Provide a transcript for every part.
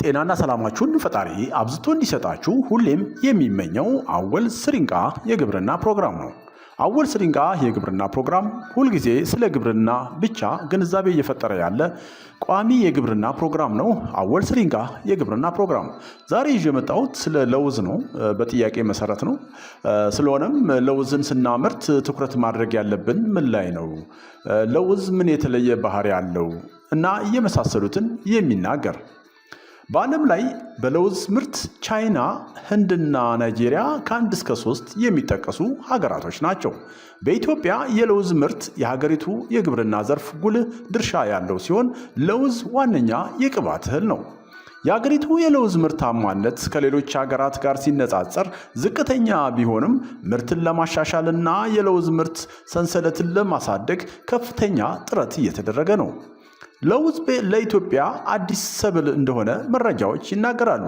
ጤናና ሰላማችሁን ፈጣሪ አብዝቶ እንዲሰጣችሁ ሁሌም የሚመኘው አወል ስሪንቃ የግብርና ፕሮግራም ነው። አወል ስሪንቃ የግብርና ፕሮግራም ሁልጊዜ ስለ ግብርና ብቻ ግንዛቤ እየፈጠረ ያለ ቋሚ የግብርና ፕሮግራም ነው። አወል ስሪንቃ የግብርና ፕሮግራም ዛሬ ይዤ የመጣሁት ስለ ለውዝ ነው፣ በጥያቄ መሰረት ነው። ስለሆነም ለውዝን ስናመርት ትኩረት ማድረግ ያለብን ምን ላይ ነው? ለውዝ ምን የተለየ ባህሪ አለው? እና እየመሳሰሉትን የሚናገር በዓለም ላይ በለውዝ ምርት ቻይና፣ ህንድና ናይጄሪያ ከአንድ እስከ ሶስት የሚጠቀሱ ሀገራቶች ናቸው። በኢትዮጵያ የለውዝ ምርት የሀገሪቱ የግብርና ዘርፍ ጉልህ ድርሻ ያለው ሲሆን ለውዝ ዋነኛ የቅባት እህል ነው። የአገሪቱ የለውዝ ምርታማነት ከሌሎች ሀገራት ጋር ሲነጻጸር ዝቅተኛ ቢሆንም ምርትን ለማሻሻልና የለውዝ ምርት ሰንሰለትን ለማሳደግ ከፍተኛ ጥረት እየተደረገ ነው። ለውጥ ለኢትዮጵያ አዲስ ሰብል እንደሆነ መረጃዎች ይናገራሉ።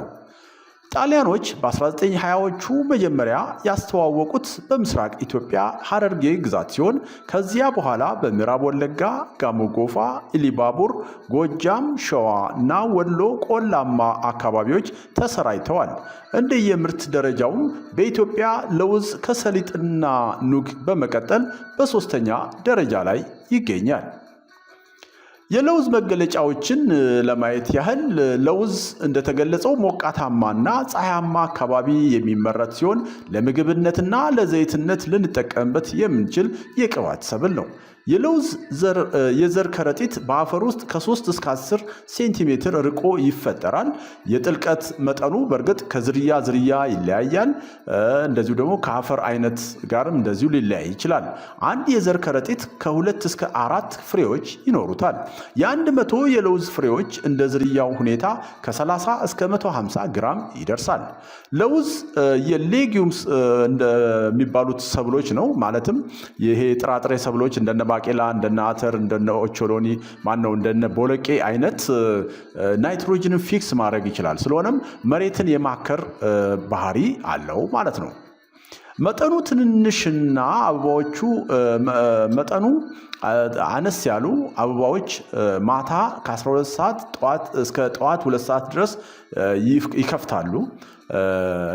ጣሊያኖች በ1920ዎቹ መጀመሪያ ያስተዋወቁት በምስራቅ ኢትዮጵያ ሐረርጌ ግዛት ሲሆን ከዚያ በኋላ በምዕራብ ወለጋ፣ ጋሞጎፋ፣ ኢሊባቡር፣ ጎጃም፣ ሸዋ እና ወሎ ቆላማ አካባቢዎች ተሰራይተዋል። እንደየምርት ደረጃውም በኢትዮጵያ ለውዝ ከሰሊጥና ኑግ በመቀጠል በሦስተኛ ደረጃ ላይ ይገኛል። የለውዝ መገለጫዎችን ለማየት ያህል ለውዝ እንደተገለጸው ሞቃታማና ፀሐያማ አካባቢ የሚመረት ሲሆን ለምግብነትና ለዘይትነት ልንጠቀምበት የምንችል የቅባት ሰብል ነው። የለውዝ የዘር ከረጢት በአፈር ውስጥ ከ3 እስከ 10 ሴንቲሜትር ርቆ ይፈጠራል። የጥልቀት መጠኑ በእርግጥ ከዝርያ ዝርያ ይለያያል። እንደዚሁ ደግሞ ከአፈር አይነት ጋርም እንደዚሁ ሊለያይ ይችላል። አንድ የዘር ከረጢት ከሁለት እስከ አራት ፍሬዎች ይኖሩታል። የአንድ መቶ የለውዝ ፍሬዎች እንደ ዝርያው ሁኔታ ከ30 እስከ 150 ግራም ይደርሳል። ለውዝ የሌጊዩምስ እንደሚባሉት ሰብሎች ነው። ማለትም ይሄ ጥራጥሬ ሰብሎች እንደነ ባቄላ፣ እንደነ አተር፣ እንደነ ኦቾሎኒ ማነው እንደነ ቦለቄ አይነት ናይትሮጅንን ፊክስ ማድረግ ይችላል። ስለሆነም መሬትን የማከር ባህሪ አለው ማለት ነው። መጠኑ ትንንሽና አበባዎቹ መጠኑ አነስ ያሉ አበባዎች ማታ ከ12 ሰዓት እስከ ጠዋት ሁለት ሰዓት ድረስ ይከፍታሉ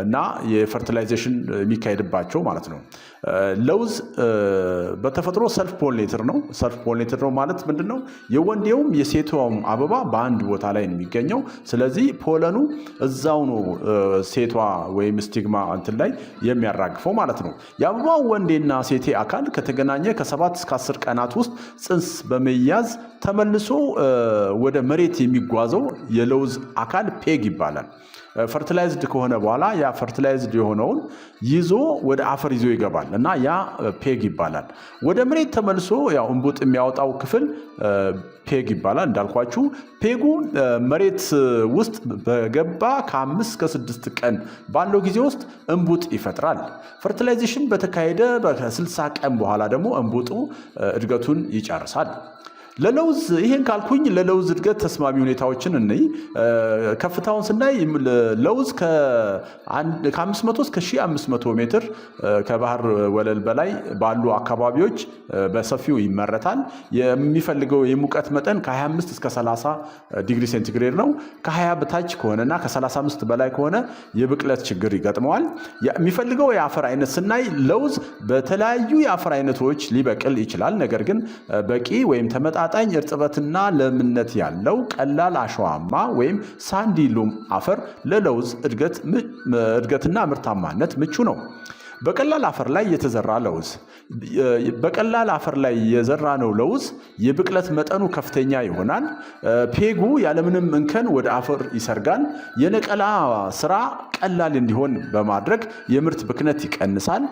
እና የፈርቲላይዜሽን የሚካሄድባቸው ማለት ነው። ለውዝ በተፈጥሮ ሰልፍ ፖሌትር ነው። ሰልፍ ፖሊኔትር ነው ማለት ምንድን ነው? የወንዴውም የሴቷውም አበባ በአንድ ቦታ ላይ ነው የሚገኘው። ስለዚህ ፖለኑ እዛው ነው ሴቷ ወይም ስቲግማ እንትን ላይ የሚያራግፈው ማለት ነው። የአበባው ወንዴና ሴቴ አካል ከተገናኘ ከሰባት እስከ አስር ቀናት ውስጥ ጽንስ በመያዝ ተመልሶ ወደ መሬት የሚጓዘው የለውዝ አካል ፔግ ይባላል። ፈርቲላይዝድ ከሆነ በኋላ ያ ፈርቲላይዝድ የሆነውን ይዞ ወደ አፈር ይዞ ይገባል። ይባላል እና ያ ፔግ ይባላል። ወደ መሬት ተመልሶ ያው እንቡጥ የሚያወጣው ክፍል ፔግ ይባላል። እንዳልኳችሁ ፔጉ መሬት ውስጥ በገባ ከአምስት ከስድስት ቀን ባለው ጊዜ ውስጥ እንቡጥ ይፈጥራል። ፈርቲላይዜሽን በተካሄደ ከስልሳ ቀን በኋላ ደግሞ እንቡጡ እድገቱን ይጨርሳል። ለለውዝ ይሄን ካልኩኝ ለለውዝ እድገት ተስማሚ ሁኔታዎችን እንይ። ከፍታውን ስናይ ለውዝ ከ500 እስከ 1500 ሜትር ከባህር ወለል በላይ ባሉ አካባቢዎች በሰፊው ይመረታል። የሚፈልገው የሙቀት መጠን ከ25 እስከ 30 ዲግሪ ሴንቲግሬድ ነው። ከ20 በታች ከሆነና ከ35 በላይ ከሆነ የብቅለት ችግር ይገጥመዋል። የሚፈልገው የአፈር አይነት ስናይ ለውዝ በተለያዩ የአፈር አይነቶች ሊበቅል ይችላል። ነገር ግን በቂ ወይም ተመጣ ተመጣጣኝ እርጥበትና ለምነት ያለው ቀላል አሸዋማ ወይም ሳንዲሉም አፈር ለለውዝ እድገትና ምርታማነት ምቹ ነው። በቀላል አፈር ላይ የተዘራ ለውዝ በቀላል አፈር ላይ የዘራ ነው ለውዝ የብቅለት መጠኑ ከፍተኛ ይሆናል። ፔጉ ያለምንም እንከን ወደ አፈር ይሰርጋል። የነቀላ ስራ ቀላል እንዲሆን በማድረግ የምርት ብክነት ይቀንሳል።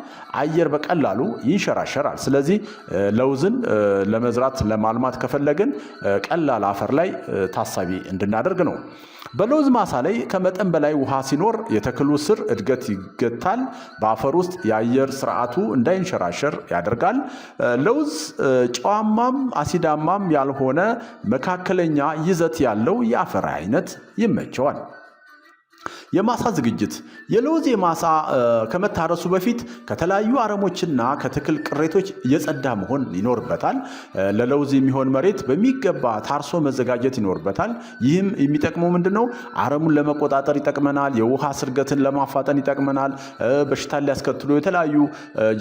አየር በቀላሉ ይንሸራሸራል። ስለዚህ ለውዝን ለመዝራት ለማልማት ከፈለግን ቀላል አፈር ላይ ታሳቢ እንድናደርግ ነው። በለውዝ ማሳ ላይ ከመጠን በላይ ውሃ ሲኖር የተክሉ ስር እድገት ይገታል። በአፈር ውስጥ የአየር ስርዓቱ እንዳይንሸራሸር ያደርጋል። ለውዝ ጨዋማም አሲዳማም ያልሆነ መካከለኛ ይዘት ያለው የአፈር አይነት ይመቸዋል። የማሳ ዝግጅት የለውዝ የማሳ ከመታረሱ በፊት ከተለያዩ አረሞችና ከትክል ቅሬቶች የጸዳ መሆን ይኖርበታል። ለለውዝ የሚሆን መሬት በሚገባ ታርሶ መዘጋጀት ይኖርበታል። ይህም የሚጠቅመው ምንድን ነው? አረሙን ለመቆጣጠር ይጠቅመናል። የውሃ ስርገትን ለማፋጠን ይጠቅመናል። በሽታን ሊያስከትሉ የተለያዩ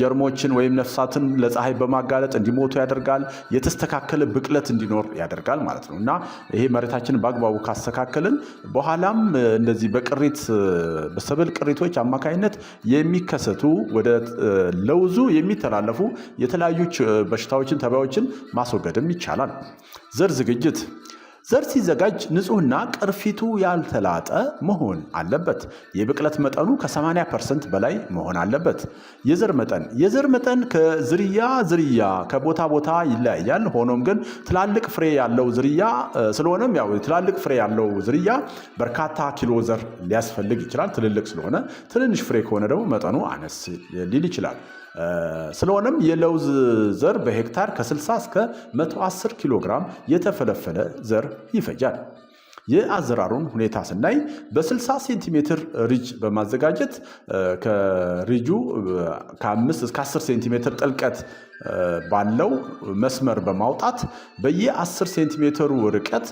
ጀርሞችን ወይም ነፍሳትን ለፀሐይ በማጋለጥ እንዲሞቱ ያደርጋል። የተስተካከለ ብቅለት እንዲኖር ያደርጋል ማለት ነው እና ይሄ መሬታችንን በአግባቡ ካስተካከልን በኋላም እንደዚህ በቅሪት በሰብል ቅሪቶች አማካኝነት የሚከሰቱ ወደ ለውዙ የሚተላለፉ የተለያዩ በሽታዎችን፣ ተባዮችን ማስወገድም ይቻላል። ዘር ዝግጅት ዘር ሲዘጋጅ ንጹህና ቅርፊቱ ያልተላጠ መሆን አለበት። የብቅለት መጠኑ ከ80 ፐርሰንት በላይ መሆን አለበት። የዘር መጠን የዘር መጠን ከዝርያ ዝርያ ከቦታ ቦታ ይለያያል። ሆኖም ግን ትላልቅ ፍሬ ያለው ዝርያ ስለሆነም ያው ትላልቅ ፍሬ ያለው ዝርያ በርካታ ኪሎ ዘር ሊያስፈልግ ይችላል። ትልልቅ ስለሆነ ትንንሽ ፍሬ ከሆነ ደግሞ መጠኑ አነስ ሊል ይችላል። ስለሆነም የለውዝ ዘር በሄክታር ከ60 እስከ 110 ኪሎ ግራም የተፈለፈለ ዘር ይፈጃል። የአዘራሩን ሁኔታ ስናይ በ60 ሴንቲሜትር ሪጅ በማዘጋጀት ከሪጁ ከ5 እስከ 10 ሴንቲሜትር ጥልቀት ባለው መስመር በማውጣት በየ10 ሴንቲሜትሩ ርቀት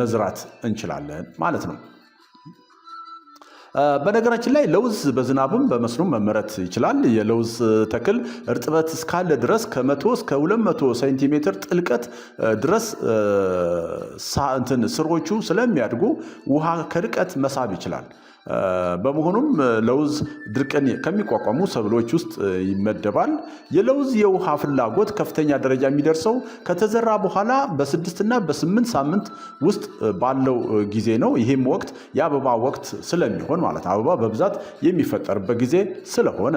መዝራት እንችላለን ማለት ነው። በነገራችን ላይ ለውዝ በዝናብም በመስኖም መመረት ይችላል። የለውዝ ተክል እርጥበት እስካለ ድረስ ከመቶ እስከ 200 ሴንቲሜትር ጥልቀት ድረስ እንትን ስሮቹ ስለሚያድጉ ውሃ ከርቀት መሳብ ይችላል። በመሆኑም ለውዝ ድርቅን ከሚቋቋሙ ሰብሎች ውስጥ ይመደባል። የለውዝ የውሃ ፍላጎት ከፍተኛ ደረጃ የሚደርሰው ከተዘራ በኋላ በስድስትና በስምንት ሳምንት ውስጥ ባለው ጊዜ ነው። ይህም ወቅት የአበባ ወቅት ስለሚሆን ማለት አበባ በብዛት የሚፈጠርበት ጊዜ ስለሆነ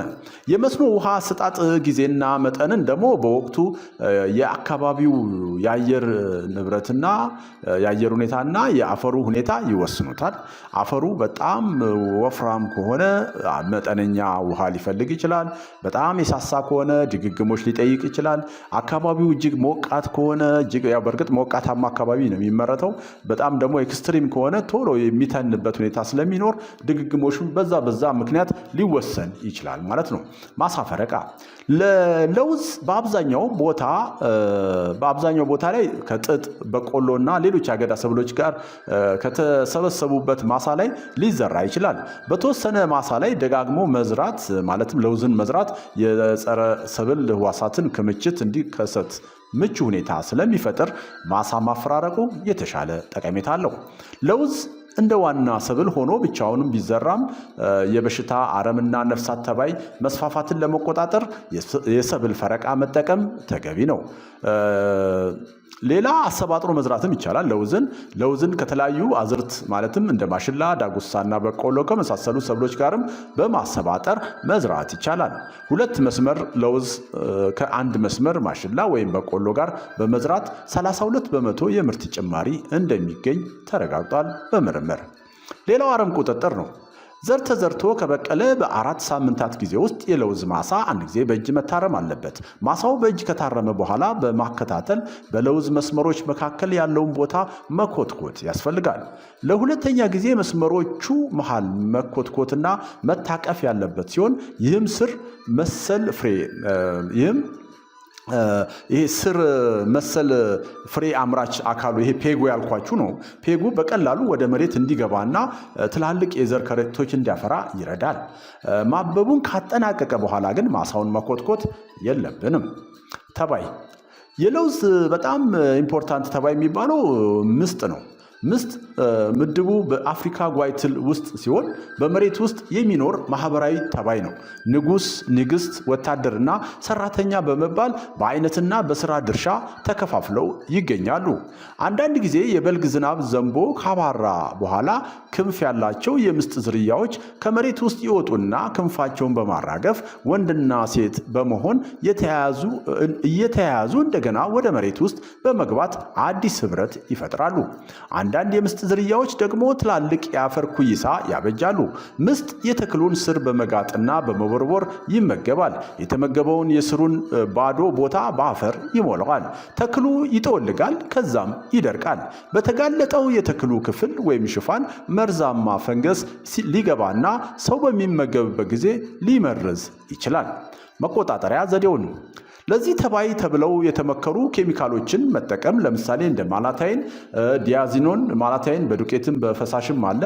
የመስኖ ውሃ ስጣጥ ጊዜና መጠንን ደግሞ በወቅቱ የአካባቢው የአየር ንብረትና የአየር ሁኔታና የአፈሩ ሁኔታ ይወስኑታል። አፈሩ በጣም ወፍራም ከሆነ መጠነኛ ውሃ ሊፈልግ ይችላል። በጣም የሳሳ ከሆነ ድግግሞች ሊጠይቅ ይችላል። አካባቢው እጅግ ሞቃት ከሆነ በእርግጥ ሞቃታማ አካባቢ ነው የሚመረተው። በጣም ደግሞ ኤክስትሪም ከሆነ ቶሎ የሚተንበት ሁኔታ ስለሚኖር ድግግሞሹ በዛ በዛ ምክንያት ሊወሰን ይችላል ማለት ነው። ማሳ ፈረቃ ለለውዝ በአብዛኛው ቦታ በአብዛኛው ቦታ ላይ ከጥጥ በቆሎና ሌሎች አገዳ ሰብሎች ጋር ከተሰበሰቡበት ማሳ ላይ ሊዘራ ይችላል። በተወሰነ ማሳ ላይ ደጋግሞ መዝራት ማለትም ለውዝን መዝራት የጸረ ሰብል ህዋሳትን ክምችት እንዲከሰት ምቹ ሁኔታ ስለሚፈጥር ማሳ ማፈራረቁ የተሻለ ጠቀሜታ አለው። ለውዝ እንደ ዋና ሰብል ሆኖ ብቻውንም ቢዘራም የበሽታ አረምና ነፍሳት ተባይ መስፋፋትን ለመቆጣጠር የሰብል ፈረቃ መጠቀም ተገቢ ነው። ሌላ አሰባጥሮ መዝራትም ይቻላል። ለውዝን ለውዝን ከተለያዩ አዝርት ማለትም እንደ ማሽላ፣ ዳጉሳና በቆሎ ከመሳሰሉ ሰብሎች ጋርም በማሰባጠር መዝራት ይቻላል። ሁለት መስመር ለውዝ ከአንድ መስመር ማሽላ ወይም በቆሎ ጋር በመዝራት 32 በመቶ የምርት ጭማሪ እንደሚገኝ ተረጋግጧል በምርምር። ሌላው አረም ቁጥጥር ነው። ዘር ተዘርቶ ከበቀለ በአራት ሳምንታት ጊዜ ውስጥ የለውዝ ማሳ አንድ ጊዜ በእጅ መታረም አለበት። ማሳው በእጅ ከታረመ በኋላ በማከታተል በለውዝ መስመሮች መካከል ያለውን ቦታ መኮትኮት ያስፈልጋል። ለሁለተኛ ጊዜ መስመሮቹ መሃል መኮትኮትና መታቀፍ ያለበት ሲሆን ይህም ስር መሰል ፍሬ ይህም ይሄ ስር መሰል ፍሬ አምራች አካሉ ይሄ ፔጎ ያልኳችሁ ነው። ፔጎ በቀላሉ ወደ መሬት እንዲገባና ትላልቅ የዘር ከረጢቶች እንዲያፈራ ይረዳል። ማበቡን ካጠናቀቀ በኋላ ግን ማሳውን መኮትኮት የለብንም። ተባይ የለውዝ በጣም ኢምፖርታንት ተባይ የሚባለው ምስጥ ነው። ምስጥ ምድቡ በአፍሪካ ጓይትል ውስጥ ሲሆን በመሬት ውስጥ የሚኖር ማህበራዊ ተባይ ነው። ንጉስ፣ ንግስት፣ ወታደርና ሰራተኛ በመባል በአይነትና በስራ ድርሻ ተከፋፍለው ይገኛሉ። አንዳንድ ጊዜ የበልግ ዝናብ ዘንቦ ካባራ በኋላ ክንፍ ያላቸው የምስጥ ዝርያዎች ከመሬት ውስጥ ይወጡና ክንፋቸውን በማራገፍ ወንድና ሴት በመሆን እየተያያዙ እንደገና ወደ መሬት ውስጥ በመግባት አዲስ ህብረት ይፈጥራሉ። አንዳንድ የምስጥ ዝርያዎች ደግሞ ትላልቅ የአፈር ኩይሳ ያበጃሉ። ምስጥ የተክሉን ስር በመጋጥና በመቦርቦር ይመገባል። የተመገበውን የስሩን ባዶ ቦታ በአፈር ይሞላዋል። ተክሉ ይጠወልጋል፣ ከዛም ይደርቃል። በተጋለጠው የተክሉ ክፍል ወይም ሽፋን መርዛማ ፈንገስ ሊገባና ሰው በሚመገብበት ጊዜ ሊመርዝ ይችላል። መቆጣጠሪያ ዘዴውን ለዚህ ተባይ ተብለው የተመከሩ ኬሚካሎችን መጠቀም ለምሳሌ እንደ ማላታይን፣ ዲያዚኖን ማላታይን በዱቄትም በፈሳሽም አለ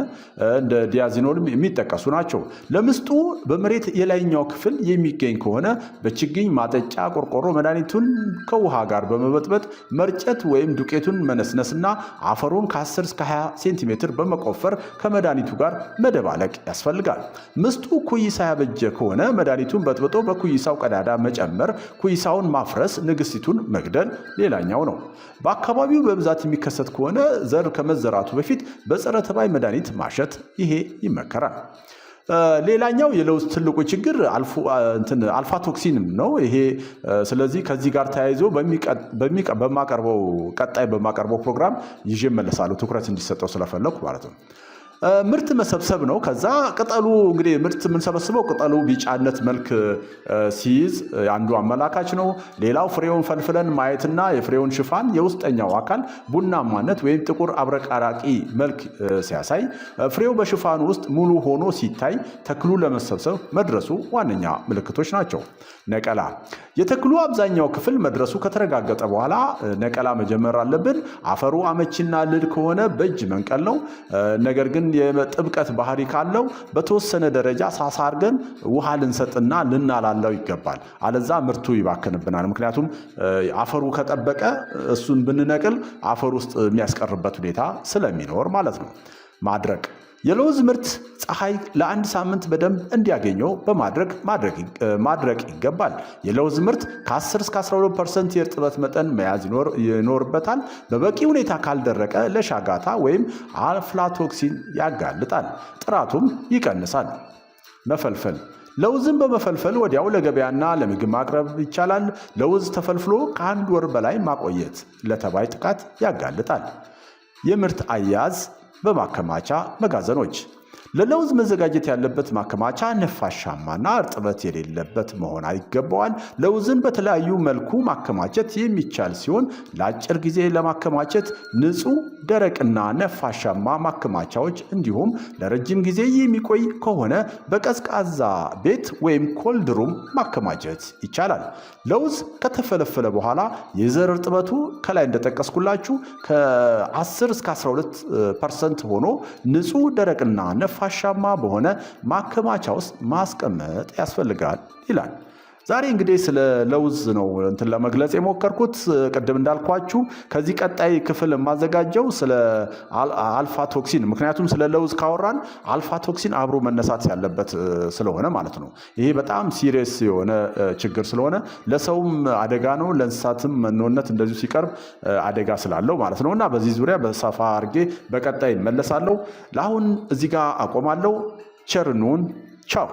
እንደ ዲያዚኖልም የሚጠቀሱ ናቸው። ለምስጡ በመሬት የላይኛው ክፍል የሚገኝ ከሆነ በችግኝ ማጠጫ ቆርቆሮ መድኃኒቱን ከውሃ ጋር በመበጥበጥ መርጨት ወይም ዱቄቱን መነስነስና አፈሩን ከ10 እስከ 20 ሴንቲሜትር በመቆፈር ከመድኃኒቱ ጋር መደባለቅ ያስፈልጋል። ምስጡ ኩይሳ ያበጀ ከሆነ መድኃኒቱን በጥብጦ በኩይሳው ቀዳዳ መጨመር ኩይሳ ማምሻውን ማፍረስ፣ ንግስቲቱን መግደል ሌላኛው ነው። በአካባቢው በብዛት የሚከሰት ከሆነ ዘር ከመዘራቱ በፊት በጸረ ተባይ መድኃኒት ማሸት፣ ይሄ ይመከራል። ሌላኛው የለውዝ ትልቁ ችግር አልፋ ቶክሲን ነው። ይሄ ስለዚህ ከዚህ ጋር ተያይዞ በማቀርበው ቀጣይ በማቀርበው ፕሮግራም ይዤ እመለሳለሁ። ትኩረት እንዲሰጠው ስለፈለኩ ማለት ነው። ምርት መሰብሰብ ነው። ከዛ ቅጠሉ እንግዲህ ምርት የምንሰበስበው ቅጠሉ ቢጫነት መልክ ሲይዝ አንዱ አመላካች ነው። ሌላው ፍሬውን ፈልፍለን ማየትና የፍሬውን ሽፋን የውስጠኛው አካል ቡናማነት ወይም ጥቁር አብረቃራቂ መልክ ሲያሳይ፣ ፍሬው በሽፋኑ ውስጥ ሙሉ ሆኖ ሲታይ ተክሉ ለመሰብሰብ መድረሱ ዋነኛ ምልክቶች ናቸው። ነቀላ የተክሉ አብዛኛው ክፍል መድረሱ ከተረጋገጠ በኋላ ነቀላ መጀመር አለብን። አፈሩ አመቺና ልል ከሆነ በእጅ መንቀል ነው። ነገር ግን የጥብቀት ባህሪ ካለው በተወሰነ ደረጃ ሳሳርገን ውሃ ልንሰጥና ልናላለው ይገባል። አለዛ ምርቱ ይባክንብናል። ምክንያቱም አፈሩ ከጠበቀ እሱን ብንነቅል አፈር ውስጥ የሚያስቀርበት ሁኔታ ስለሚኖር ማለት ነው። ማድረግ የለውዝ ምርት ፀሐይ ለአንድ ሳምንት በደንብ እንዲያገኘው በማድረግ ማድረቅ ይገባል። የለውዝ ምርት ከ10 እስከ 12 ፐርሰንት የእርጥበት መጠን መያዝ ይኖርበታል። በበቂ ሁኔታ ካልደረቀ ለሻጋታ ወይም አፍላቶክሲን ያጋልጣል፣ ጥራቱም ይቀንሳል። መፈልፈል ለውዝን በመፈልፈል ወዲያው ለገበያና ለምግብ ማቅረብ ይቻላል። ለውዝ ተፈልፍሎ ከአንድ ወር በላይ ማቆየት ለተባይ ጥቃት ያጋልጣል። የምርት አያያዝ በማከማቻ መጋዘኖች ለለውዝ መዘጋጀት ያለበት ማከማቻ ነፋሻማና እርጥበት የሌለበት መሆን ይገባዋል። ለውዝን በተለያዩ መልኩ ማከማቸት የሚቻል ሲሆን ለአጭር ጊዜ ለማከማቸት ንጹህ፣ ደረቅና ነፋሻማ ማከማቻዎች እንዲሁም ለረጅም ጊዜ የሚቆይ ከሆነ በቀዝቃዛ ቤት ወይም ኮልድሩም ማከማቸት ይቻላል። ለውዝ ከተፈለፈለ በኋላ የዘር እርጥበቱ ከላይ እንደጠቀስኩላችሁ ከ10 እስከ 12 ፐርሰንት ሆኖ ንጹህ፣ ደረቅና ነፋ ነፋሻማ በሆነ ማከማቻ ውስጥ ማስቀመጥ ያስፈልጋል ይላል። ዛሬ እንግዲህ ስለ ለውዝ ነው እንትን ለመግለጽ የሞከርኩት። ቅድም እንዳልኳችሁ ከዚህ ቀጣይ ክፍል የማዘጋጀው ስለ አልፋ ቶክሲን፣ ምክንያቱም ስለ ለውዝ ካወራን አልፋ ቶክሲን አብሮ መነሳት ያለበት ስለሆነ ማለት ነው። ይሄ በጣም ሲሪየስ የሆነ ችግር ስለሆነ ለሰውም አደጋ ነው፣ ለእንስሳትም መኖነት እንደዚሁ ሲቀርብ አደጋ ስላለው ማለት ነው እና በዚህ ዙሪያ በሰፋ አድርጌ በቀጣይ እመለሳለሁ። ለአሁን እዚህ ጋር አቆማለሁ። ቸርኑን ቻው